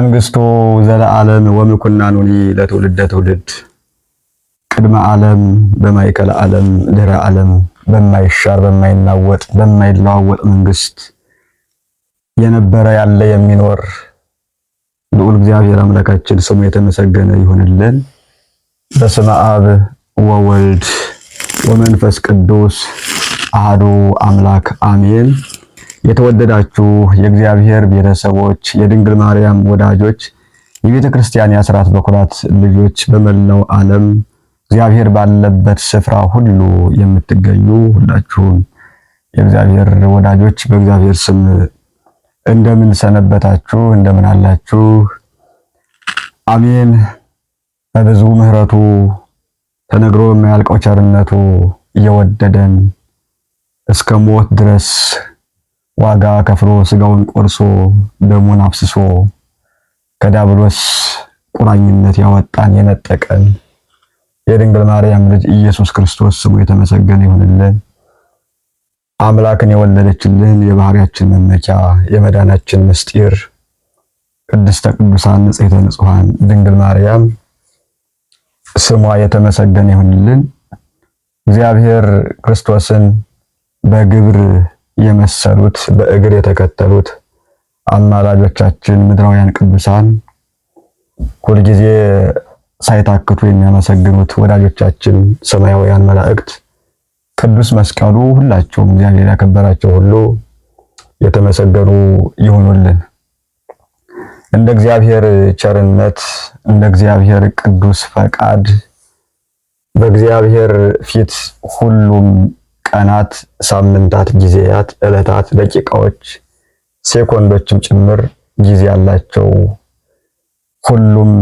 መንግስቶ ዘለዓለም ወምኩናኑኒ ለትውልደ ትውልድ ቅድመ ዓለም በማይከል ዓለም ድረ ዓለም በማይሻር በማይናወጥ በማይለዋወጥ መንግስት የነበረ ያለ የሚኖር ልዑል እግዚአብሔር አምላካችን ስሙ የተመሰገነ ይሁንልን። በስመ አብ ወወልድ ወመንፈስ ቅዱስ አህዱ አምላክ አሜን። የተወደዳችሁ የእግዚአብሔር ቤተሰቦች፣ የድንግል ማርያም ወዳጆች፣ የቤተ ክርስቲያን የአስራት በኩራት ልጆች፣ በመላው ዓለም እግዚአብሔር ባለበት ስፍራ ሁሉ የምትገኙ ሁላችሁም የእግዚአብሔር ወዳጆች በእግዚአብሔር ስም እንደምን ሰነበታችሁ? እንደምን አላችሁ? አሜን። በብዙ ምሕረቱ ተነግሮ በማያልቀው ቸርነቱ እየወደደን እስከ ሞት ድረስ ዋጋ ከፍሎ ስጋውን ቆርሶ ደሙን አፍስሶ ከዲያብሎስ ቁራኝነት ያወጣን የነጠቀን የድንግል ማርያም ልጅ ኢየሱስ ክርስቶስ ስሙ የተመሰገነ ይሁንልን። አምላክን የወለደችልን የባህሪያችን መመኪያ የመዳናችን ምስጢር ቅድስተ ቅዱሳን ንጽሕተ ንጹሐን ድንግል ማርያም ስሟ የተመሰገነ ይሁንልን። እግዚአብሔር ክርስቶስን በግብር የመሰሉት በእግር የተከተሉት አማላጆቻችን ምድራውያን ቅዱሳን ሁልጊዜ ሳይታክቱ የሚያመሰግኑት ወዳጆቻችን ሰማያውያን መላእክት ቅዱስ መስቀሉ ሁላቸውም እግዚአብሔር ያከበራቸው ሁሉ የተመሰገኑ ይሆኑልን። እንደ እግዚአብሔር ቸርነት እንደ እግዚአብሔር ቅዱስ ፈቃድ በእግዚአብሔር ፊት ሁሉም ቀናት፣ ሳምንታት፣ ጊዜያት፣ ዕለታት፣ ደቂቃዎች፣ ሴኮንዶችም ጭምር ጊዜ ያላቸው ሁሉም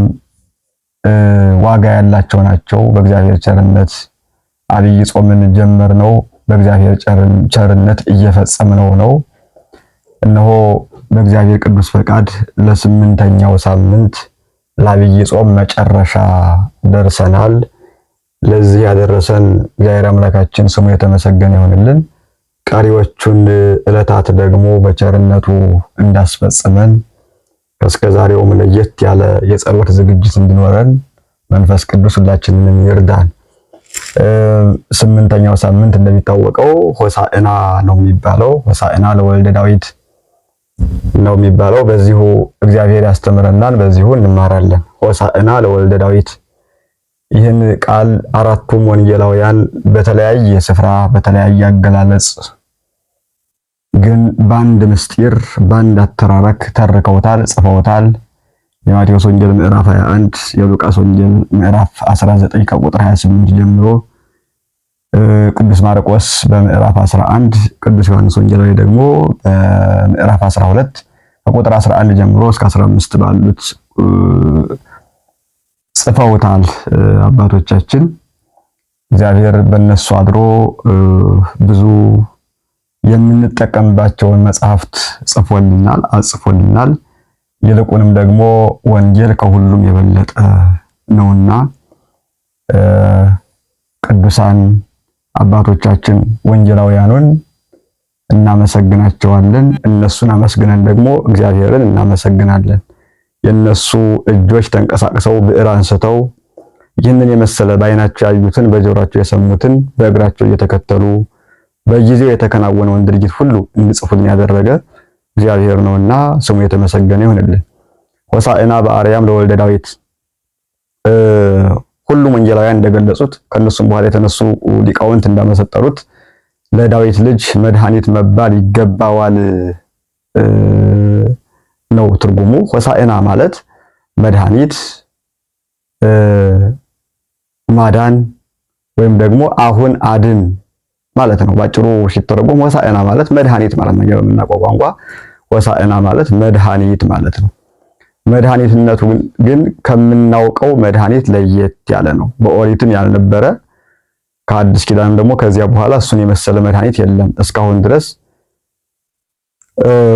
ዋጋ ያላቸው ናቸው። በእግዚአብሔር ቸርነት አብይ ጾምን ጀመር ነው። በእግዚአብሔር ቸርነት እየፈጸምነው ነው። እነሆ በእግዚአብሔር ቅዱስ ፈቃድ ለስምንተኛው ሳምንት ለአብይ ጾም መጨረሻ ደርሰናል። ለዚህ ያደረሰን እግዚአብሔር አምላካችን ስሙ የተመሰገነ ይሆንልን። ቀሪዎቹን ዕለታት ደግሞ በቸርነቱ እንዳስፈጽመን እስከ ዛሬውም ለየት ያለ የጸሎት ዝግጅት እንዲኖረን መንፈስ ቅዱስ ሁላችንንም ይርዳን። ስምንተኛው ሳምንት እንደሚታወቀው ሆሳዕና ነው የሚባለው። ሆሳዕና ለወልደ ዳዊት ነው የሚባለው። በዚሁ እግዚአብሔር ያስተምረናል፣ በዚሁ እንማራለን። ሆሳዕና ለወልደ ዳዊት ይህን ቃል አራቱም ወንጌላውያን በተለያየ ስፍራ በተለያየ አገላለጽ ግን በአንድ ምስጢር በአንድ አተራረክ ተርከውታል፣ ጽፈውታል። የማቴዎስ ወንጌል ምዕራፍ 21፣ የሉቃስ ወንጌል ምዕራፍ 19 ከቁጥር 28 ጀምሮ፣ ቅዱስ ማርቆስ በምዕራፍ 11፣ ቅዱስ ዮሐንስ ወንጌላዊ ደግሞ በምዕራፍ 12 ከቁጥር 11 ጀምሮ እስከ 15 ባሉት ጽፈውታል አባቶቻችን። እግዚአብሔር በእነሱ አድሮ ብዙ የምንጠቀምባቸውን መጽሐፍት ጽፎልናል፣ አጽፎልናል። ይልቁንም ደግሞ ወንጌል ከሁሉም የበለጠ ነውና ቅዱሳን አባቶቻችን ወንጌላውያኑን እናመሰግናቸዋለን። እነሱን አመስግነን ደግሞ እግዚአብሔርን እናመሰግናለን። የነሱ እጆች ተንቀሳቅሰው ብዕር አንስተው ይህንን የመሰለ በአይናቸው ያዩትን በጆሮአቸው የሰሙትን በእግራቸው እየተከተሉ በጊዜው የተከናወነውን ድርጊት ሁሉ እንዲጽፉልን ያደረገ እግዚአብሔር ነውና ስሙ የተመሰገነ ይሁንልን። ሆሳዕና በአርያም ለወልደ ዳዊት ሁሉም ወንጌላውያን እንደገለጹት ከነሱም በኋላ የተነሱ ሊቃውንት እንዳመሰጠሩት ለዳዊት ልጅ መድኃኒት መባል ይገባዋል ነው ትርጉሙ። ሆሳዕና ማለት መድኃኒት፣ ማዳን ወይም ደግሞ አሁን አድን ማለት ነው። ባጭሩ ሲተረጎም ሆሳዕና ማለት መድኃኒት ማለት ነው። በምናውቀው ቋንቋ ሆሳዕና ማለት መድኃኒት ማለት ነው። መድኃኒትነቱ ግን ከምናውቀው መድኃኒት ለየት ያለ ነው። በኦሪትም ያልነበረ ከአዲስ ኪዳንም ደግሞ ከዚያ በኋላ እሱን የመሰለ መድኃኒት የለም እስካሁን ድረስ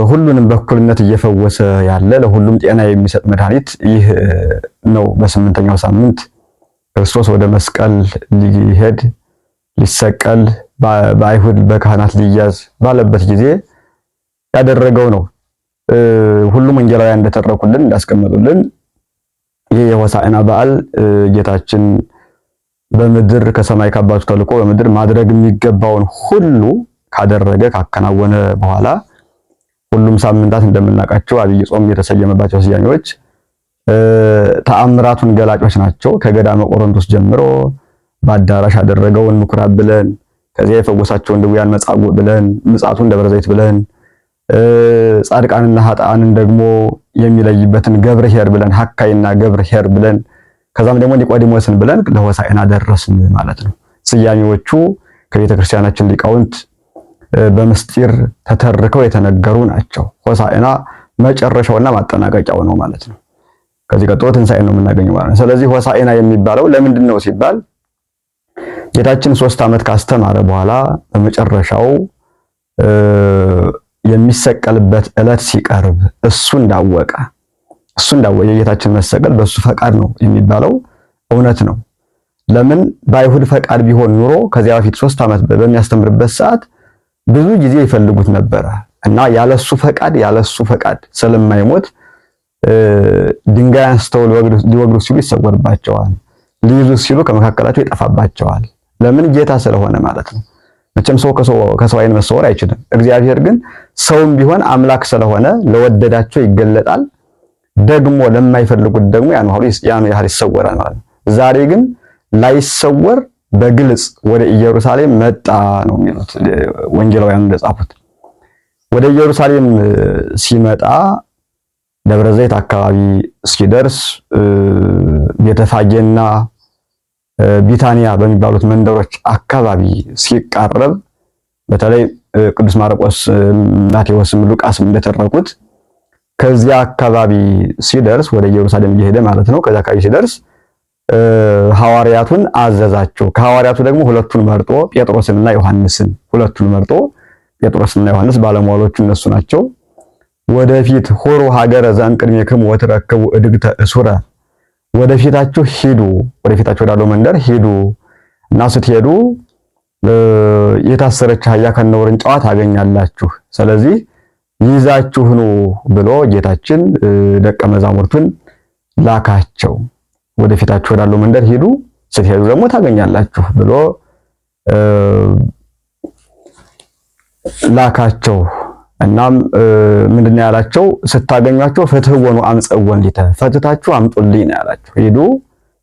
ሁሉንም በእኩልነት እየፈወሰ ያለ ለሁሉም ጤና የሚሰጥ መድኃኒት ይህ ነው። በስምንተኛው ሳምንት ክርስቶስ ወደ መስቀል ሊሄድ ሊሰቀል በአይሁድ በካህናት ሊያዝ ባለበት ጊዜ ያደረገው ነው። ሁሉም ወንጌላውያን እንደተረኩልን እንዳስቀመጡልን ይህ የሆሳዕና በዓል ጌታችን በምድር ከሰማይ ከአባቱ ተልኮ በምድር ማድረግ የሚገባውን ሁሉ ካደረገ ካከናወነ በኋላ ሁሉም ሳምንታት እንደምናውቃቸው አብይ ጾም የተሰየመባቸው ስያሜዎች ተአምራቱን ገላጮች ናቸው። ከገዳመ ቆሮንቶስ ጀምሮ በአዳራሽ አደረገውን ምኩራብ ብለን ከዚያ የፈወሳቸውን ድውያን መጻጉዕ ብለን ምጻቱን ደብረ ዘይት ብለን ጻድቃንና ሀጣንን ደግሞ የሚለይበትን ገብር ሄር ብለን ሀካይና ገብር ሄር ብለን ከዛም ደግሞ ኒቆዲሞስን ብለን ለሆሳዕና ደረስን ማለት ነው። ስያሜዎቹ ከቤተክርስቲያናችን ሊቃውንት በምስጢር ተተርከው የተነገሩ ናቸው። ሆሳዕና መጨረሻውና ማጠናቀቂያው ነው ማለት ነው። ከዚህ ቀጥሎ ትንሣኤን ነው የምናገኘው ማለት ነው። ስለዚህ ሆሳዕና የሚባለው ለምንድን ነው ሲባል ጌታችን ሶስት ዓመት ካስተማረ በኋላ በመጨረሻው የሚሰቀልበት ዕለት ሲቀርብ እሱ እንዳወቀ እሱ እንዳወቀ የጌታችን መሰቀል በእሱ ፈቃድ ነው የሚባለው እውነት ነው። ለምን በአይሁድ ፈቃድ ቢሆን ኑሮ ከዚያ በፊት ሶስት ዓመት በሚያስተምርበት ሰዓት ብዙ ጊዜ ይፈልጉት ነበረ እና ያለሱ ፈቃድ ያለሱ ፈቃድ ስለማይሞት ድንጋይ አንስተው ሊወግዱ ሲሉ ይሰወርባቸዋል። ሊይዙ ሲሉ ከመካከላቸው ይጠፋባቸዋል። ለምን? ጌታ ስለሆነ ማለት ነው። መቼም ሰው ከሰው አይን መሰወር አይችልም። እግዚአብሔር ግን ሰውም ቢሆን አምላክ ስለሆነ ለወደዳቸው ይገለጣል፣ ደግሞ ለማይፈልጉት ደግሞ ያን ያህል ይሰወራል ማለት ነው። ዛሬ ግን ላይሰወር በግልጽ ወደ ኢየሩሳሌም መጣ ነው የሚሉት ወንጌላውያን እንደጻፉት። ወደ ኢየሩሳሌም ሲመጣ ደብረ ዘይት አካባቢ ሲደርስ ቤተፋጌና ቢታንያ በሚባሉት መንደሮች አካባቢ ሲቃረብ በተለይ ቅዱስ ማርቆስ፣ ማቴዎስም ሉቃስም እንደተረኩት ከዚያ አካባቢ ሲደርስ ወደ ኢየሩሳሌም እየሄደ ማለት ነው። ከዚያ አካባቢ ሲደርስ ሐዋርያቱን አዘዛቸው። ከሐዋርያቱ ደግሞ ሁለቱን መርጦ ጴጥሮስንና ዮሐንስን ሁለቱን መርጦ ጴጥሮስንና ዮሐንስ ባለሟሎቹ እነሱ ናቸው። ወደፊት ሆሮ ሀገረ ዘእንቅድሜክሙ ወትረክቡ እድግተ እሱረ፣ ወደፊታችሁ ሂዱ፣ ወደፊታችሁ ወዳለው መንደር ሂዱ እና ስትሄዱ የታሰረች አህያ ከነውርንጫዋ ታገኛላችሁ። ስለዚህ ይዛችሁ ብሎ ጌታችን ደቀ መዛሙርቱን ላካቸው። ወደፊታችሁ ወዳለው መንደር ሂዱ፣ ስትሄዱ ደግሞ ታገኛላችሁ ብሎ ላካቸው። እናም ምንድን ነው ያላቸው? ስታገኟቸው ፍትህ ወኑ አምፀወን ሊተ ፈትታችሁ አምጡልኝ ነው ያላቸው። ሂዱ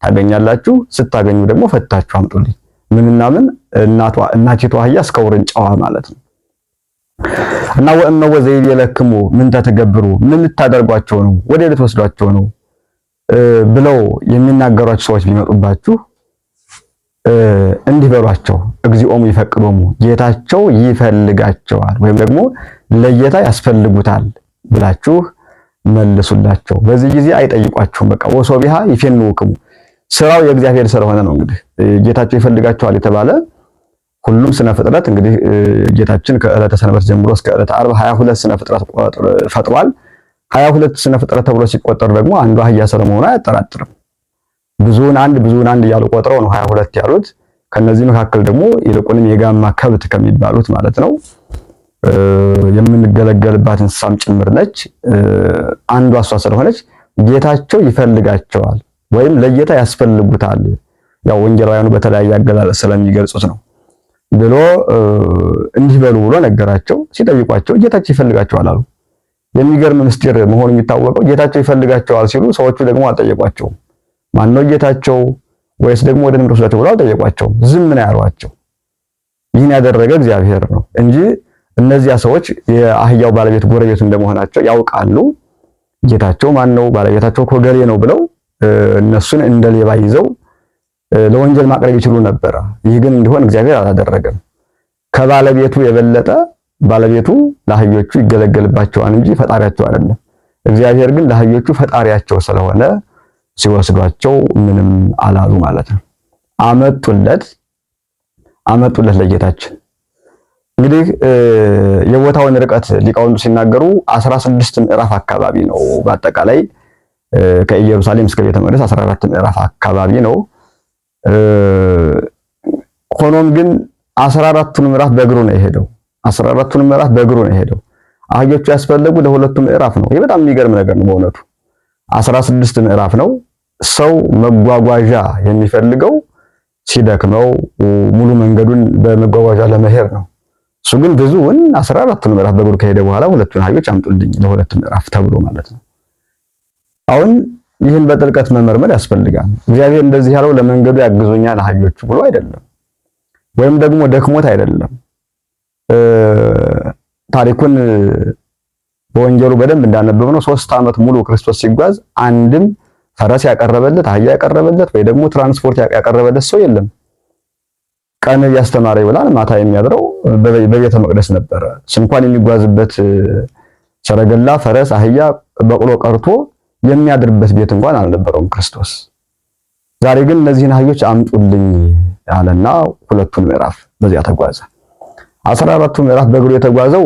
ታገኛላችሁ፣ ስታገኙ ደግሞ ፈትታችሁ አምጡልኝ። ምንና ምን እናቷ አህያ እስከ ውርንጫዋ ማለት ነው። እና ወእመ ወዘይቤ ለክሙ ምን ተተገብሩ ምን ልታደርጓቸው ነው? ወደ ልትወስዷቸው ነው? ብለው የሚናገሯቸው ሰዎች ቢመጡባችሁ እንዲህ በሏቸው፣ እግዚኦሙ ይፈቅዶሙ ጌታቸው ይፈልጋቸዋል ወይም ደግሞ ለጌታ ያስፈልጉታል ብላችሁ መልሱላቸው። በዚህ ጊዜ አይጠይቋችሁም። በቃ ወሶ ቢሃ ውክሙ፣ ስራው የእግዚአብሔር ስለሆነ ነው። እንግዲህ ጌታቸው ይፈልጋቸዋል የተባለ ሁሉም ስነ ፍጥረት እንግዲህ ጌታችን ከዕለተ ሰንበት ጀምሮ እስከ ዕለተ ዓርብ 22 ስነ ፍጥረት ፈጥሯል። ሀያ ሁለት ስነ ፍጥረት ተብሎ ሲቆጠር ደግሞ አንዱ አህያ ስለመሆኑ አያጠራጥርም። ብዙውን አንድ ብዙውን አንድ እያሉ ቆጥረው ነው ሀያ ሁለት ያሉት። ከነዚህ መካከል ደግሞ ይልቁንም የጋማ ከብት ከሚባሉት ማለት ነው የምንገለገልባት እንስሳም ጭምር ነች። አንዷ እሷ ስለሆነች ጌታቸው ይፈልጋቸዋል ወይም ለጌታ ያስፈልጉታል። ያው ወንጌላውያኑ በተለያየ አገላለጽ ስለሚገልጹት ነው ብሎ እንዲህ በሉ ብሎ ነገራቸው። ሲጠይቋቸው ጌታቸው ይፈልጋቸዋል አሉ። የሚገርም ምስጢር መሆኑ የሚታወቀው ጌታቸው ይፈልጋቸዋል ሲሉ ሰዎቹ ደግሞ አልጠየቋቸውም። ማን ነው ጌታቸው ወይስ ደግሞ ወደ ምድር ወስዳቸው ብለው አልጠየቋቸውም። ዝም ነው ያሏቸው። ይህን ያደረገ እግዚአብሔር ነው እንጂ እነዚያ ሰዎች የአህያው ባለቤት ጎረቤት እንደመሆናቸው ያውቃሉ። ጌታቸው ማን ነው ባለቤታቸው ኮገሌ ነው ብለው እነሱን እንደሌባ ይዘው ለወንጀል ማቅረብ ይችሉ ነበረ። ይህ ግን እንዲሆን እግዚአብሔር አላደረገም። ከባለቤቱ የበለጠ ባለቤቱ ለአህዮቹ ይገለገልባቸዋል እንጂ ፈጣሪያቸው አይደለም። እግዚአብሔር ግን ለአህዮቹ ፈጣሪያቸው ስለሆነ ሲወስዷቸው ምንም አላሉ ማለት ነው። አመጡለት አመጡለት ለጌታችን። እንግዲህ የቦታውን ርቀት ሊቃውንቱ ሲናገሩ 16 ምዕራፍ አካባቢ ነው። በአጠቃላይ ከኢየሩሳሌም እስከ ቤተ መቅደስ 14 ምዕራፍ አካባቢ ነው። ሆኖም ግን 14ቱን ምዕራፍ በእግሩ ነው የሄደው። አስራ አራቱን ምዕራፍ በእግሩ ነው የሄደው። አህዮቹ ያስፈለጉ ለሁለቱ ምዕራፍ ነው። ይህ በጣም የሚገርም ነገር ነው በእውነቱ። አስራ ስድስት ምዕራፍ ነው። ሰው መጓጓዣ የሚፈልገው ሲደክመው ሙሉ መንገዱን በመጓጓዣ ለመሄድ ነው። እሱ ግን ብዙውን አስራ አራቱን ምዕራፍ በእግሩ ከሄደ በኋላ ሁለቱን አህዮች አምጡልኝ ለሁለቱ ምዕራፍ ተብሎ ማለት ነው። አሁን ይህን በጥልቀት መመርመር ያስፈልጋል። እግዚአብሔር እንደዚህ ያለው ለመንገዱ ያግዙኛል አህዮቹ ብሎ አይደለም፣ ወይም ደግሞ ደክሞት አይደለም ታሪኩን በወንጀሉ በደንብ እንዳነበብ ነው። ሶስት ዓመት ሙሉ ክርስቶስ ሲጓዝ አንድም ፈረስ ያቀረበለት አህያ ያቀረበለት ወይ ደግሞ ትራንስፖርት ያቀረበለት ሰው የለም። ቀን እያስተማረ ይውላል፣ ማታ የሚያድረው በቤተ መቅደስ ነበረ። ስንኳን የሚጓዝበት ሰረገላ፣ ፈረስ፣ አህያ፣ በቅሎ ቀርቶ የሚያድርበት ቤት እንኳን አልነበረውም ክርስቶስ። ዛሬ ግን እነዚህን አህዮች አምጡልኝ አለና ሁለቱን ምዕራፍ በዚያ ተጓዘ። አስራ አራቱ ምዕራፍ በእግሩ የተጓዘው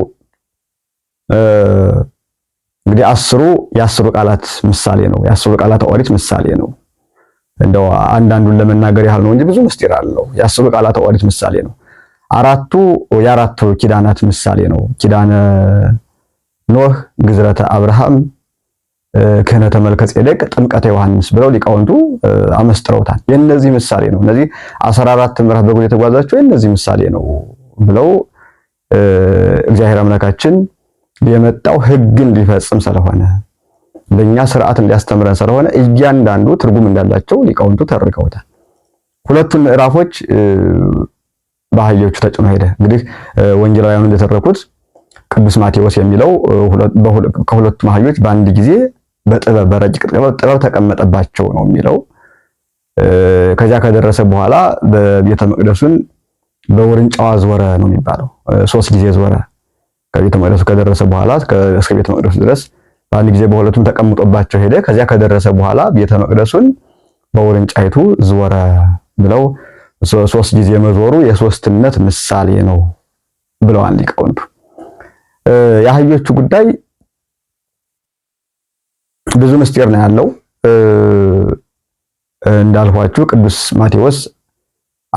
እንግዲህ አስሩ የአስሩ ቃላት ምሳሌ ነው። የአስሩ ቃላት ኦሪት ምሳሌ ነው። እንደው አንዳንዱን ለመናገር ያህል ነው እንጂ ብዙ ምስጢር አለው። የአስሩ ቃላት ኦሪት ምሳሌ ነው። አራቱ የአራቱ ኪዳናት ምሳሌ ነው። ኪዳነ ኖህ፣ ግዝረተ አብርሃም፣ ክህነተ መልከጼዴቅ፣ ጥምቀተ ዮሐንስ ብለው ሊቃውንቱ አመስጥረውታል። የእነዚህ ምሳሌ ነው። እነዚህ 14 ምዕራፍ በእግሩ የተጓዛቸው የእነዚህ ምሳሌ ነው ብለው እግዚአብሔር አምላካችን የመጣው ህግ ሊፈጽም ስለሆነ ለኛ ስርዓትን ሊያስተምረን ስለሆነ እያንዳንዱ ትርጉም እንዳላቸው ሊቃውንቱ ተርከውታል። ሁለቱን ምዕራፎች በአህዮቹ ተጭኖ ሄደ። እንግዲህ ወንጌላውያኑ እንደተረኩት ቅዱስ ማቴዎስ የሚለው ከሁለቱም አህዮች በአንድ ጊዜ በጥበብ በረጅቅ ጥበብ ተቀመጠባቸው ነው የሚለው። ከዚያ ከደረሰ በኋላ በቤተ መቅደሱን በውርንጫዋ ዞረ ነው የሚባለው። ሶስት ጊዜ ዞረ ከቤተ መቅደሱ ከደረሰ በኋላ እስከ ቤተ መቅደሱ ድረስ በአንድ ጊዜ በሁለቱም ተቀምጦባቸው ሄደ። ከዚያ ከደረሰ በኋላ ቤተ መቅደሱን በውርንጫይቱ ዞረ ብለው ሶስት ጊዜ መዞሩ የሶስትነት ምሳሌ ነው ብለዋል ሊቃውንቱ። የአህዮቹ ጉዳይ ብዙ ምስጢር ነው ያለው። እንዳልኳችሁ ቅዱስ ማቴዎስ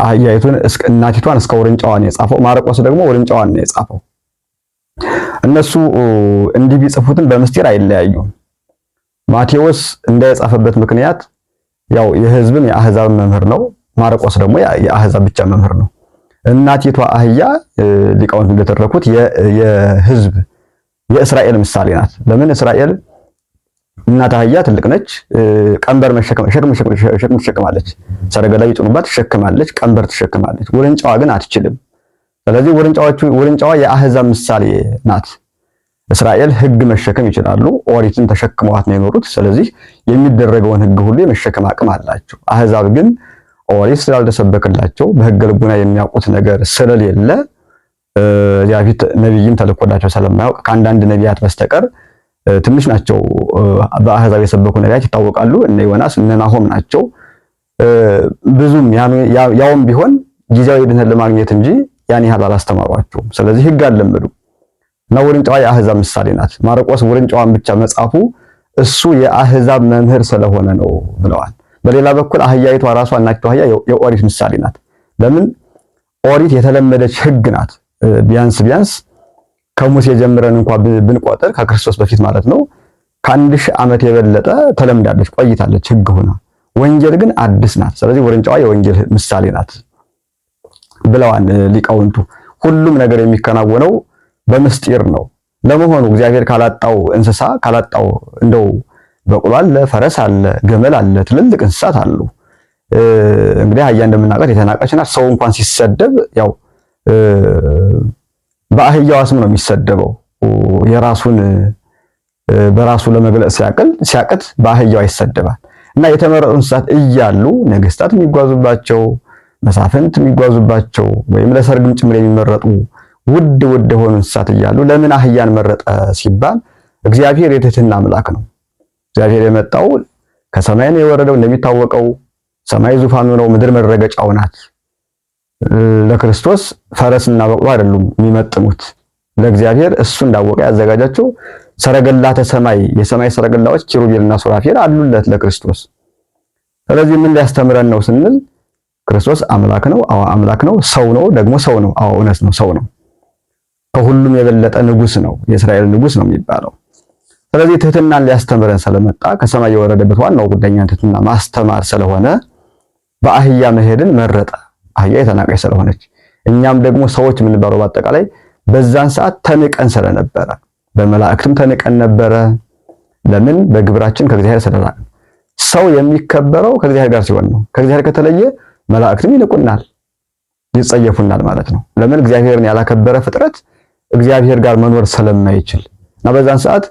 አህያይቱን እናቲቷን እስከ ውርንጫዋን የጻፈው ማርቆስ ደግሞ ውርንጫዋን ነው የጻፈው። እነሱ እንዲህ ቢጽፉትም በምስጢር አይለያዩም። ማቴዎስ እንዳይጻፈበት ምክንያት ያው የሕዝብም የአህዛብ መምህር ነው። ማርቆስ ደግሞ የአህዛብ ብቻ መምህር ነው። እናቲቷ አህያ ሊቃውንት እንደተረኩት የህዝብ የእስራኤል ምሳሌ ናት። ለምን እስራኤል እናት አህያ ትልቅ ነች። ቀንበር ሸክም ትሸክማለች። ሰረገላ ቢጭኑባት ትሸክማለች፣ ቀንበር ትሸክማለች። ውርንጫዋ ግን አትችልም። ስለዚህ ውርንጫዋ የአህዛብ ምሳሌ ናት። እስራኤል ሕግ መሸከም ይችላሉ። ኦሪትን ተሸክመዋት ነው የኖሩት። ስለዚህ የሚደረገውን ሕግ ሁሉ የመሸከም አቅም አላቸው። አህዛብ ግን ኦሪት ስላልተሰበክላቸው በሕገ ልቡና የሚያውቁት ነገር ስለሌለ ዚያፊት ነቢይም ተልኮላቸው ስለማያውቅ ከአንዳንድ ነቢያት በስተቀር ትንሽ ናቸው። በአህዛብ የሰበኩ ነቢያት ይታወቃሉ። እነ ዮናስ እነ ናሆም ናቸው። ብዙም ያውም ቢሆን ጊዜያዊ ድነት ለማግኘት እንጂ ያን ያህል አላስተማሯቸውም። ስለዚህ ህግ አልለመዱ እና ውርንጫዋ የአህዛብ ምሳሌ ናት። ማርቆስ ውርንጫዋን ብቻ መጻፉ እሱ የአህዛብ መምህር ስለሆነ ነው ብለዋል። በሌላ በኩል አህያይቷ ራሷ እናቲቱ አህያ የኦሪት ምሳሌ ናት። ለምን ኦሪት የተለመደች ህግ ናት። ቢያንስ ቢያንስ ከሙሴ ጀምረን እንኳ ብንቆጥር ከክርስቶስ በፊት ማለት ነው ከአንድ ሺህ ዓመት የበለጠ ተለምዳለች፣ ቆይታለች፣ ህግ ሆና። ወንጌል ግን አዲስ ናት። ስለዚህ ውርንጫዋ የወንጌል ምሳሌ ናት ብለዋል ሊቃውንቱ። ሁሉም ነገር የሚከናወነው በምስጢር ነው። ለመሆኑ እግዚአብሔር ካላጣው እንስሳ ካላጣው እንደው በቅሎ አለ፣ ፈረስ አለ፣ ግመል አለ፣ ትልልቅ እንስሳት አሉ። እንግዲህ አህያ እንደምናውቃት የተናቀች ናት። ሰው እንኳን ሲሰደብ ያው በአህያዋ ስም ነው የሚሰደበው። የራሱን በራሱ ለመግለጽ ሲያቅል ሲያቅት በአህያዋ ይሰደባል። እና የተመረጡ እንስሳት እያሉ ነገስታት የሚጓዙባቸው መሳፍንት የሚጓዙባቸው ወይም ለሰርግም ጭምር የሚመረጡ ውድ ውድ የሆኑ እንስሳት እያሉ ለምን አህያን መረጠ ሲባል እግዚአብሔር የትህትና አምላክ ነው። እግዚአብሔር የመጣው ከሰማይ ነው የወረደው። እንደሚታወቀው ሰማይ ዙፋኑ ነው፣ ምድር መረገጫው ናት። ለክርስቶስ ፈረስና በቅሎ አይደሉም የሚመጥኑት። ለእግዚአብሔር እሱ እንዳወቀ ያዘጋጃቸው ሰረገላተ ሰማይ የሰማይ ሰረገላዎች ኪሩቤልና ሱራፌል አሉለት ለክርስቶስ። ስለዚህ ምን ሊያስተምረን ነው ስንል ክርስቶስ አምላክ ነው። አዎ አምላክ ነው። ሰው ነው ደግሞ ሰው ነው። አዎ እውነት ነው፣ ሰው ነው። ከሁሉም የበለጠ ንጉስ ነው፣ የእስራኤል ንጉስ ነው የሚባለው። ስለዚህ ትህትናን ሊያስተምረን ስለመጣ ከሰማይ የወረደበት ዋናው ጉዳይ ትህትና ማስተማር ስለሆነ በአህያ መሄድን መረጠ። አህያ የተናቀች ስለሆነች እኛም ደግሞ ሰዎች የምንባለው በአጠቃላይ በዛን ሰዓት ተንቀን ስለነበረ በመላእክትም ተንቀን ነበረ። ለምን? በግብራችን ከእግዚአብሔር ስለራቅን። ሰው የሚከበረው ከእግዚአብሔር ጋር ሲሆን ነው። ከእግዚአብሔር ከተለየ መላእክትም ይንቁናል፣ ይጸየፉናል ማለት ነው። ለምን? እግዚአብሔርን ያላከበረ ፍጥረት እግዚአብሔር ጋር መኖር ስለማይችል እና በዛን ሰዓት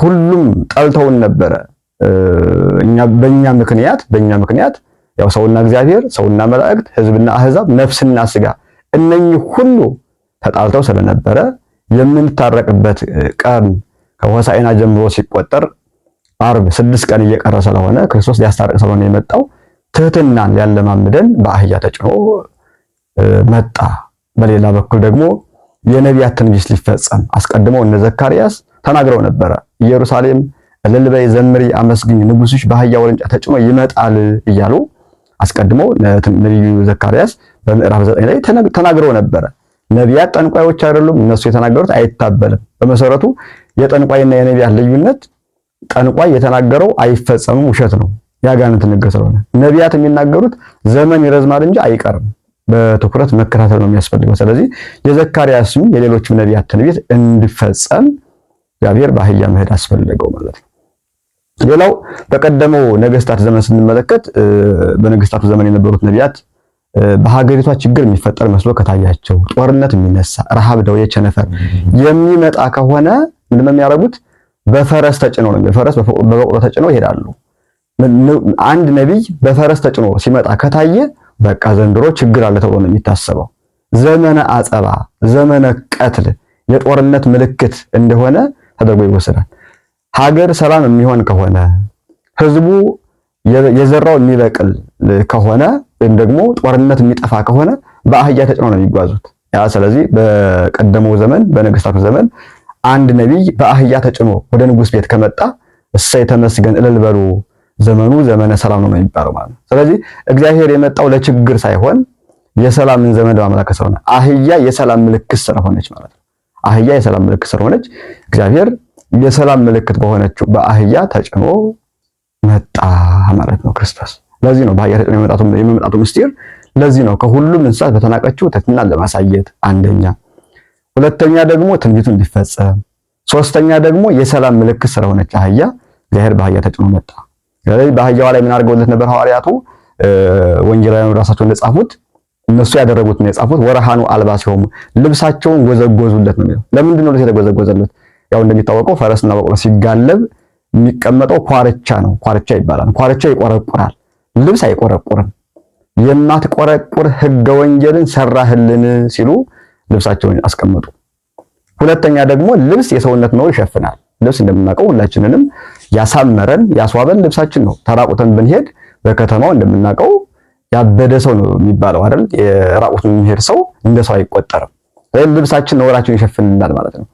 ሁሉም ጠልተውን ነበረ። እኛ በእኛ ምክንያት በእኛ ምክንያት ያው ሰውና እግዚአብሔር፣ ሰውና መላእክት፣ ህዝብና አህዛብ፣ ነፍስና ስጋ እነኚህ ሁሉ ተጣልተው ስለነበረ የምንታረቅበት ቀን ከሆሳዕና ጀምሮ ሲቆጠር አርብ ስድስት ቀን እየቀረ ስለሆነ ክርስቶስ ሊያስታርቅ ስለሆነ የመጣው ትህትናን ሊያለማምደን በአህያ ተጭኖ መጣ። በሌላ በኩል ደግሞ የነቢያት ትንቢት ሊፈጸም አስቀድሞ እነ ዘካርያስ ተናግረው ነበረ። ኢየሩሳሌም እልል በይ ዘምሪ አመስግኝ ንጉሥሽ በአህያ ውርንጫ ተጭኖ ይመጣል እያሉ አስቀድሞ ነቢዩ ዘካርያስ በምዕራፍ ዘጠኝ ላይ ተናግሮ ነበረ። ነቢያት ጠንቋዮች አይደሉም፣ እነሱ የተናገሩት አይታበልም። በመሰረቱ የጠንቋይና የነቢያት ልዩነት ጠንቋይ የተናገረው አይፈጸምም፣ ውሸት ነው፣ የአጋንንት ንግግር ስለሆነ፣ ነቢያት የሚናገሩት ዘመን ይረዝማል እንጂ አይቀርም። በትኩረት መከታተል ነው የሚያስፈልገው። ስለዚህ የዘካርያስም የሌሎችም ነቢያት ትንቢት እንዲፈጸም እግዚአብሔር በአህያ መሄድ አስፈለገው ማለት ነው። ሌላው በቀደመው ነገስታት ዘመን ስንመለከት በነገስታቱ ዘመን የነበሩት ነቢያት በሀገሪቷ ችግር የሚፈጠር መስሎ ከታያቸው ጦርነት የሚነሳ ረሃብ፣ ደዌ፣ ቸነፈር የሚመጣ ከሆነ ምንድን ነው የሚያደርጉት? በፈረስ ተጭነው ነው። በፈረስ በበቅሎ ተጭኖ ይሄዳሉ። አንድ ነቢይ በፈረስ ተጭኖ ሲመጣ ከታየ በቃ ዘንድሮ ችግር አለ ተብሎ ነው የሚታሰበው። ዘመነ አጸባ፣ ዘመነ ቀትል፣ የጦርነት ምልክት እንደሆነ ተደርጎ ይወሰዳል። ሀገር ሰላም የሚሆን ከሆነ ህዝቡ የዘራው የሚበቅል ከሆነ ወይም ደግሞ ጦርነት የሚጠፋ ከሆነ በአህያ ተጭኖ ነው የሚጓዙት። ያ ስለዚህ በቀደመው ዘመን በነገስታቱ ዘመን አንድ ነቢይ በአህያ ተጭኖ ወደ ንጉስ ቤት ከመጣ እሰይ ተመስገን እልል በሉ ዘመኑ ዘመነ ሰላም ነው የሚባለው ማለት ነው። ስለዚህ እግዚአብሔር የመጣው ለችግር ሳይሆን የሰላምን ዘመን ለማመላከት ስለሆነ አህያ የሰላም ምልክት ስለሆነች ማለት ነው። አህያ የሰላም ምልክት ስለሆነች እግዚአብሔር የሰላም ምልክት በሆነችው በአህያ ተጭኖ መጣ ማለት ነው ክርስቶስ። ለዚህ ነው በአህያ ተጭኖ የመምጣቱ ምስጢር ለዚህ ነው ከሁሉም እንስሳት በተናቀችው ትሕትናን ለማሳየት አንደኛ፣ ሁለተኛ ደግሞ ትንቢቱ እንዲፈጸም፣ ሶስተኛ ደግሞ የሰላም ምልክት ስለሆነች አህያ እግዚአብሔር በአህያ ተጭኖ መጣ። ስለዚህ በአህያዋ ላይ ምን አድርገውለት ነበር ሐዋርያቱ ወንጌላውያን ራሳቸው እንደጻፉት እነሱ ያደረጉት ነው የጻፉት። ወረሃኑ አልባ ሲሆሙ ልብሳቸውን ጎዘጎዙለት ነው የሚለው። ለምንድን ነው ልብስ የተጎዘጎዘለት? ያው እንደሚታወቀው ፈረስና በቅሎ ሲጋለብ የሚቀመጠው ኳርቻ ነው። ኳርቻ ይባላል። ኳርቻ ይቆረቁራል፣ ልብስ አይቆረቁርም። የማትቆረቁር ህገ ወንጀልን ሰራህልን ሲሉ ልብሳቸውን አስቀመጡ። ሁለተኛ ደግሞ ልብስ የሰውነት ነው ይሸፍናል። ልብስ እንደምናውቀው ሁላችንንም ያሳመረን ያስዋበን ልብሳችን ነው። ተራቁተን ብንሄድ በከተማው እንደምናውቀው ያበደ ሰው ነው የሚባለው አይደል? የራቁትን የሚሄድ ሰው እንደ ሰው አይቆጠርም። ልብሳችን ነውራችን ይሸፍንልናል ማለት ነው።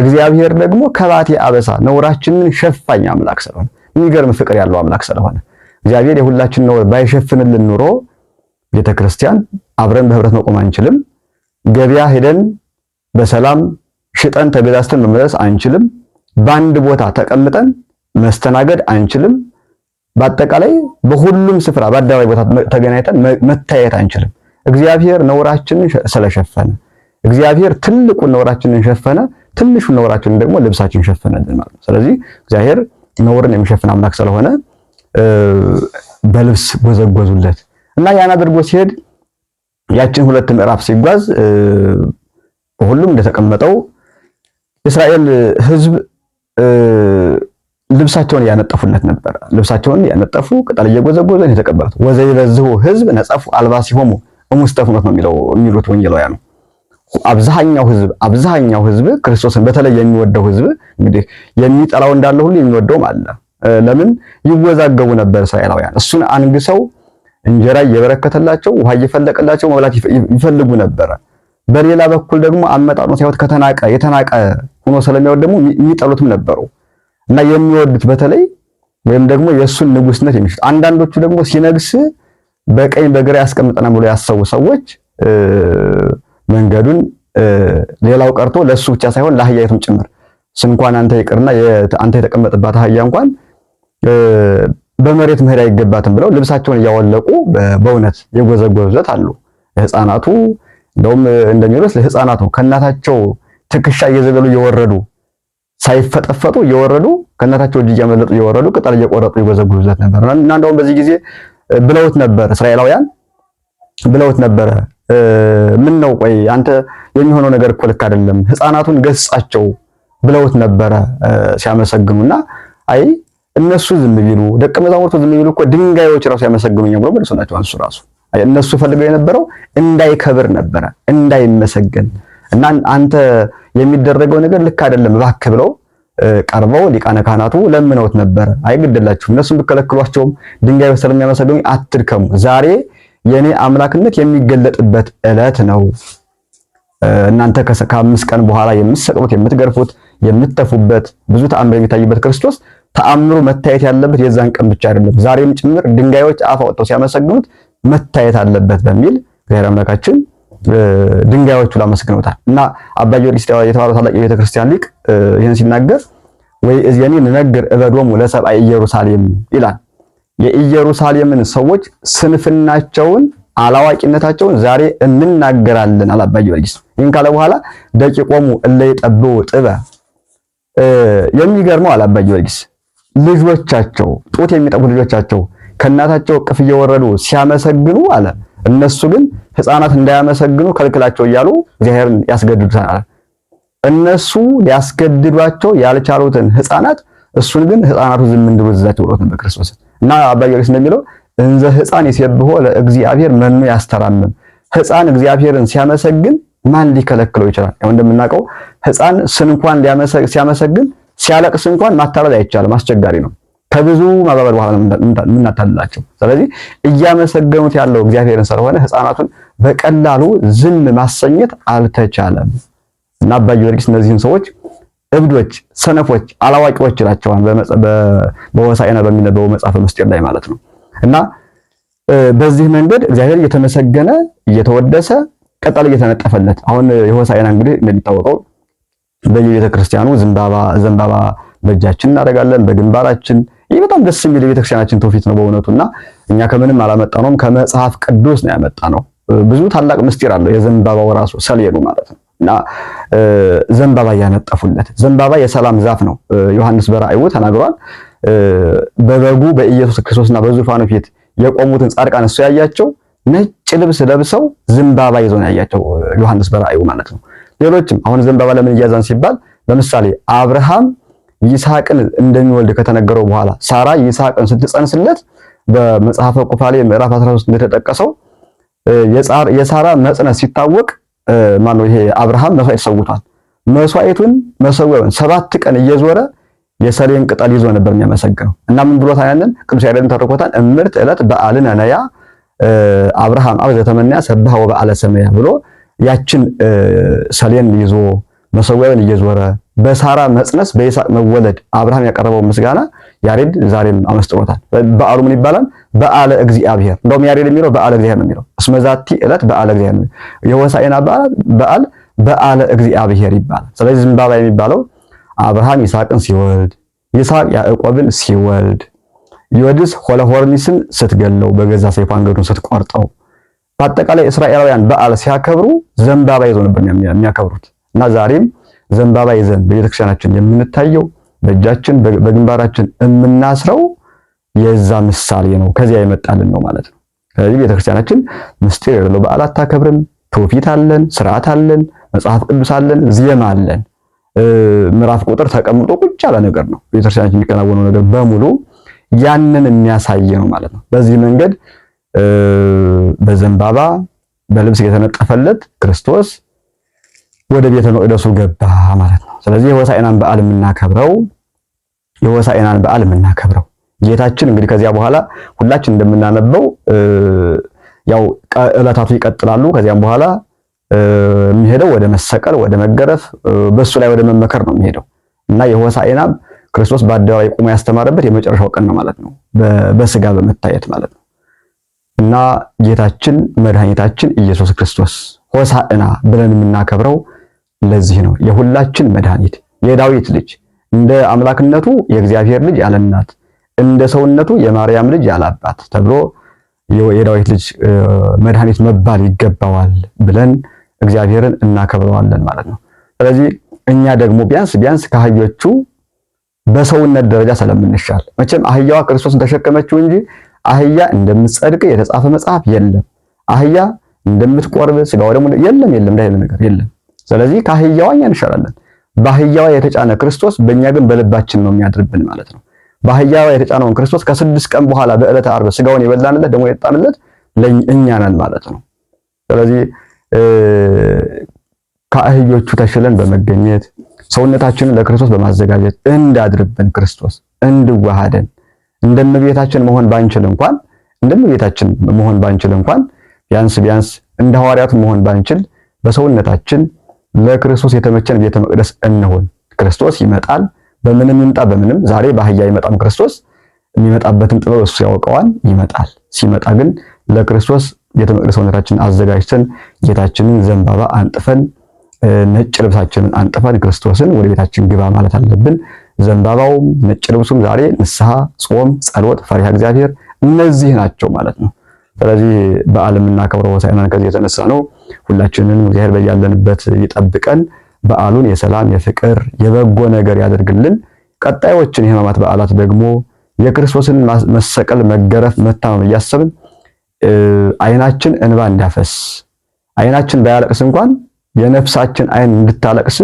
እግዚአብሔር ደግሞ ከባቴ አበሳ ነውራችንን ሸፋኝ አምላክ ስለሆነ የሚገርም ፍቅር ያለው አምላክ ስለሆነ እግዚአብሔር የሁላችን ነውር ባይሸፍንልን ኑሮ ቤተ ክርስቲያን አብረን በህብረት መቆም አንችልም። ገበያ ሄደን በሰላም ሽጠን ተገዛዝተን መመለስ አንችልም። በአንድ ቦታ ተቀምጠን መስተናገድ አንችልም። በአጠቃላይ በሁሉም ስፍራ በአደባባይ ቦታ ተገናኝተን መታየት አንችልም። እግዚአብሔር ነውራችንን ስለሸፈነ እግዚአብሔር ትልቁን ነውራችንን ሸፈነ። ትንሹን ነውራችን ደግሞ ልብሳችን ሸፈነልን ማለት ነው። ስለዚህ እግዚአብሔር ነውርን የሚሸፍን አምላክ ስለሆነ በልብስ ጎዘጎዙለት እና ያን አድርጎ ሲሄድ ያችን ሁለት ምዕራፍ ሲጓዝ በሁሉም እንደተቀመጠው የእስራኤል ሕዝብ ልብሳቸውን እያነጠፉለት ነበር። ልብሳቸውን እያነጠፉ ቅጠል እየጎዘጎዘ የተቀበሉት ወዘ ይበዝሁ ሕዝብ ነጸፉ አልባሲሆሙ እሙስተፍኖት ነው የሚለው የሚሉት ወንጌላውያኑ ነው። አብዛኛው ህዝብ አብዛኛው ህዝብ ክርስቶስን በተለይ የሚወደው ህዝብ እንግዲህ የሚጠላው እንዳለ ሁሉ የሚወደውም አለ። ለምን ይወዛገቡ ነበር እስራኤላውያን እሱን አንግሰው እንጀራ እየበረከተላቸው ውሃ እየፈለቀላቸው መብላት ይፈልጉ ነበረ። በሌላ በኩል ደግሞ አመጣጡን ሳይወት ከተናቀ የተናቀ ሆኖ ስለሚያወድ ደግሞ የሚጠሉትም ነበሩ እና የሚወዱት በተለይ ወይም ደግሞ የእሱን ንጉስነት የሚሹት አንዳንዶቹ ደግሞ ሲነግስ በቀኝ በግራ ያስቀምጠናል ብሎ ያሰቡ ሰዎች መንገዱን ሌላው ቀርቶ ለሱ ብቻ ሳይሆን ለአህያይቱም ጭምር ስንኳን አንተ ይቅርና አንተ የተቀመጥባት አህያ እንኳን በመሬት መሄድ አይገባትም ብለው ልብሳቸውን እያወለቁ በእውነት የጎዘጎዙት አሉ። ህፃናቱ እንደውም እንደሚሉት ለህፃናቱ ከእናታቸው ትከሻ እየዘለሉ እየወረዱ ሳይፈጠፈጡ እየወረዱ ከእናታቸው እጅ እያመለጡ እየወረዱ ቅጠል እየቆረጡ የጎዘጎዙት ነበር እና እንደውም በዚህ ጊዜ ብለውት ነበር እስራኤላውያን ብለውት ነበረ ምን ነው ቆይ አንተ የሚሆነው ነገር እኮ ልክ አይደለም፣ ህፃናቱን ገስጻቸው ብለውት ነበረ ሲያመሰግኑና አይ እነሱ ዝም ቢሉ ደቀ መዛሙርቱ ዝም ቢሉ እኮ ድንጋዮች ራሱ ያመሰግኑኛል ብሎ መልሶ ናቸው አንሱ ራሱ እነሱ ፈልገው የነበረው እንዳይከብር ነበረ እንዳይመሰገን እና አንተ የሚደረገው ነገር ልክ አይደለም እባክህ ብለው ቀርበው ሊቃነ ካህናቱ ለምነውት ነበረ። አይገደላችሁም እነሱም ብከለክሏቸውም ድንጋይ ስለሚያመሰግኑኝ አትድከሙ ዛሬ የኔ አምላክነት የሚገለጥበት ዕለት ነው። እናንተ ከአምስት ቀን በኋላ የምትሰቅሉት፣ የምትገርፉት፣ የምትተፉበት ብዙ ተአምር የሚታይበት ክርስቶስ ተአምሩ መታየት ያለበት የዛን ቀን ብቻ አይደለም፣ ዛሬም ጭምር ድንጋዮች አፍ አውጥተው ሲያመሰግኑት መታየት አለበት በሚል እግዚአብሔር አምላካችን ድንጋዮቹ ላመስግነውታል እና አባ ጊዮርጊስ የተባለው ታላቅ ክርስቲያን ሊቅ ይህን ሲናገር ወይ እዝየኒ ንነግር እበዶሙ ለሰብአ ኢየሩሳሌም ይላል። የኢየሩሳሌምን ሰዎች ስንፍናቸውን አላዋቂነታቸውን ዛሬ እንናገራለን አለ አባ ጊዮርጊስ። ይህን ካለ በኋላ ደቂቆሙ እለ ይጠብቡ ጥበ የሚገርመው አለ አባ ጊዮርጊስ ልጆቻቸው ጡት የሚጠቡ ልጆቻቸው ከእናታቸው እቅፍ እየወረዱ ሲያመሰግኑ አለ እነሱ ግን ህፃናት እንዳያመሰግኑ ከልክላቸው እያሉ እግዚአብሔርን ያስገድዱታል አለ። እነሱ ሊያስገድዷቸው ያልቻሉትን ህፃናት እሱን ግን ህፃናቱ ዝም እንድሉ ዘት ብሎት ነበር ክርስቶስን እና አባ ጊዮርጊስ እንደሚለው እንዘ ህፃን ይሴብሖ ለእግዚአብሔር መኑ ያስተራምም ህፃን እግዚአብሔርን ሲያመሰግን ማን ሊከለክለው ይችላል? ያው እንደምናውቀው ህፃን ስን እንኳን ሲያመሰግን ሲያለቅስ እንኳን ማታለል አይቻልም፣ አስቸጋሪ ነው። ከብዙ ማባበል በኋላ የምናታልላቸው። ስለዚህ እያመሰገኑት ያለው እግዚአብሔርን ስለሆነ ህፃናቱን በቀላሉ ዝም ማሰኘት አልተቻለም እና አባ ጊዮርጊስ እነዚህን ሰዎች እብዶች፣ ሰነፎች፣ አላዋቂዎች ናቸዋል በሆሳዕና በሚነበው መጽሐፈ ምስጢር ላይ ማለት ነው። እና በዚህ መንገድ እግዚአብሔር እየተመሰገነ እየተወደሰ ቅጠል እየተነጠፈለት አሁን የሆሳዕና እንግዲህ እንደሚታወቀው በየቤተክርስቲያኑ ዘንባባ ዘንባባ በእጃችን እናደርጋለን በግንባራችን። ይህ በጣም ደስ የሚል የቤተክርስቲያናችን ትውፊት ነው በእውነቱና እኛ ከምንም ነውም ከመጽሐፍ ቅዱስ ነው ያመጣነው። ብዙ ታላቅ ምስጢር አለው የዘንባባው ራሱ ሰሌኑ ማለት ነው። እና ዘንባባ እያነጠፉለት። ዘንባባ የሰላም ዛፍ ነው። ዮሐንስ በራእዩ ተናግሯል። በበጉ በኢየሱስ ክርስቶስና በዙፋኑ ፊት የቆሙትን ጻድቃን እሱ ያያቸው ነጭ ልብስ ለብሰው ዘንባባ ይዘው ነው ያያቸው፣ ዮሐንስ በራእዩ ማለት ነው። ሌሎችም አሁን ዘንባባ ለምን እያዛን ሲባል ለምሳሌ አብርሃም ይስሐቅን እንደሚወልድ ከተነገረው በኋላ ሳራ ይስሐቅን ስትጸንስለት በመጽሐፈ ቁፋሌ ምዕራፍ 13 እንደተጠቀሰው የሳራ መጽነስ ሲታወቅ ማነው ይሄ አብርሃም መስዋዕት ሰውቷል። መስዋዕቱን መሰዊያውን ሰባት ቀን እየዞረ የሰሌን ቅጠል ይዞ ነበር የሚያመሰግነው እና ምን ብሎታ ያንን ቅዱስ ያሬድን ተርኮታል። እምርት ዕለት በዓልን ነያ አብርሃም አብ ዘተመንያ ሰብሐ ወበዓለ ሰማያ ብሎ ያችን ሰሌን ይዞ መሰዊያውን እየዞረ በሳራ መጽነስ በይስሐቅ መወለድ አብርሃም ያቀረበው ምስጋና ያሬድ ዛሬም አመስጥሮታል። በዓሉ ምን ይባላል? በዓለ እግዚአብሔር። እንደውም ያሬድ የሚለው በዓለ እግዚአብሔር ነው የሚለው። እስመዛቲ ዕለት በዓለ እግዚአብሔር ነው። የሆሳዕና በዓል በዓለ እግዚአብሔር ይባላል። ስለዚህ ዝምባባ የሚባለው አብርሃም ይስሐቅን ሲወልድ፣ ይስሐቅ ያዕቆብን ሲወልድ፣ ዮድስ ሆለሆርኒስን ስትገለው፣ በገዛ ሰይፉ አንገቱን ስትቆርጠው፣ በአጠቃላይ እስራኤላውያን በዓል ሲያከብሩ ዘንባባ ይዞ ነበር የሚያከብሩት። እና ዛሬም ዘንባባ ይዘን በቤተክርስቲያናችን የምንታየው በእጃችን በግንባራችን የምናስረው የዛ ምሳሌ ነው። ከዚያ የመጣልን ነው ማለት ነው። ስለዚህ ቤተክርስቲያናችን ምስጢር የሌለው በዓል አታከብርም። ትውፊት አለን፣ ስርዓት አለን፣ መጽሐፍ ቅዱስ አለን፣ ዜማ አለን። ምዕራፍ ቁጥር ተቀምጦ ቁጭ ያለ ነገር ነው። ቤተክርስቲያናችን የሚከናወነው ነገር በሙሉ ያንን የሚያሳይ ነው ማለት ነው። በዚህ መንገድ በዘንባባ በልብስ የተነጠፈለት ክርስቶስ ወደ ቤተ መቅደሱ ገባ ማለት ነው። ስለዚህ የሆሳዕናን በዓል የምናከብረው የሆሳዕናን በዓል የምናከብረው ጌታችን እንግዲህ ከዚያ በኋላ ሁላችን እንደምናነበው ያው ዕለታቱ ይቀጥላሉ። ከዚያም በኋላ የሚሄደው ወደ መሰቀል፣ ወደ መገረፍ፣ በሱ ላይ ወደ መመከር ነው የሚሄደው እና የሆሳዕና ክርስቶስ በአደባባይ ቆሞ ያስተማረበት የመጨረሻው ቀን ነው ማለት ነው። በስጋ በመታየት ማለት ነው እና ጌታችን መድኃኒታችን ኢየሱስ ክርስቶስ ሆሳዕና ብለን የምናከብረው ለዚህ ነው የሁላችን መድኃኒት የዳዊት ልጅ እንደ አምላክነቱ የእግዚአብሔር ልጅ ያለ እናት እንደ ሰውነቱ የማርያም ልጅ ያለ አባት ተብሎ የዳዊት ልጅ መድኃኒት መባል ይገባዋል ብለን እግዚአብሔርን እናከብረዋለን ማለት ነው። ስለዚህ እኛ ደግሞ ቢያንስ ቢያንስ ከአህዮቹ በሰውነት ደረጃ ስለምንሻል፣ መቼም አህያዋ ክርስቶስን ተሸከመችው እንጂ አህያ እንደምትጸድቅ የተጻፈ መጽሐፍ የለም። አህያ እንደምትቆርብ ስጋው የለም የለም ነገር የለም። ስለዚህ ከአህያዋ እኛ እንሻላለን። በአህያዋ የተጫነ ክርስቶስ በእኛ ግን በልባችን ነው የሚያድርብን ማለት ነው። በአህያዋ የተጫነውን ክርስቶስ ከስድስት ቀን በኋላ በዕለተ ዓርብ ስጋውን የበላንለት ደግሞ የጣንለት እኛ ነን ማለት ነው። ስለዚህ ከአህዮቹ ተሽለን በመገኘት ሰውነታችንን ለክርስቶስ በማዘጋጀት እንዳድርብን ክርስቶስ እንድዋሃደን እንደመቤታችን መሆን ባንችል እንኳን እንደምቤታችን መሆን ባንችል እንኳን ቢያንስ ቢያንስ እንደ ሐዋርያቱ መሆን ባንችል በሰውነታችን ለክርስቶስ የተመቸን ቤተ መቅደስ እንሆን ክርስቶስ ይመጣል። በምንም ይምጣ በምንም ዛሬ በአህያ ይመጣም ክርስቶስ። የሚመጣበትን ጥበብ እሱ ያውቀዋል። ይመጣል። ሲመጣ ግን ለክርስቶስ ቤተ መቅደስ ሰውነታችንን አዘጋጅተን ጌታችንን ዘንባባ አንጥፈን ነጭ ልብሳችንን አንጥፈን ክርስቶስን ወደ ቤታችን ግባ ማለት አለብን። ዘንባባውም ነጭ ልብሱም ዛሬ ንስሐ፣ ጾም፣ ጸሎት፣ ፈሪሃ እግዚአብሔር እነዚህ ናቸው ማለት ነው። ስለዚህ በዓል የምናከብረው ሆሳዕናን ከዚህ የተነሳ ነው። ሁላችንንም እግዚአብሔር በያለንበት ይጠብቀን። በዓሉን የሰላም የፍቅር የበጎ ነገር ያደርግልን። ቀጣዮችን የሕማማት በዓላት ደግሞ የክርስቶስን መሰቀል፣ መገረፍ፣ መታመም እያሰብን አይናችን እንባ እንዳፈስ አይናችን ባያለቅስ እንኳን የነፍሳችን አይን እንድታለቅስ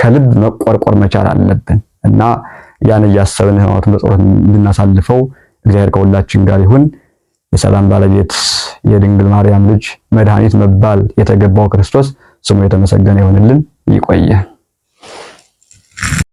ከልብ መቆርቆር መቻል አለብን እና ያን እያሰብን ሕማማቱን በጸሎት እንድናሳልፈው እግዚአብሔር ከሁላችን ጋር ይሁን። የሰላም ባለቤት የድንግል ማርያም ልጅ መድኃኒት መባል የተገባው ክርስቶስ ስሙ የተመሰገነ ይሆንልን። ይቆየ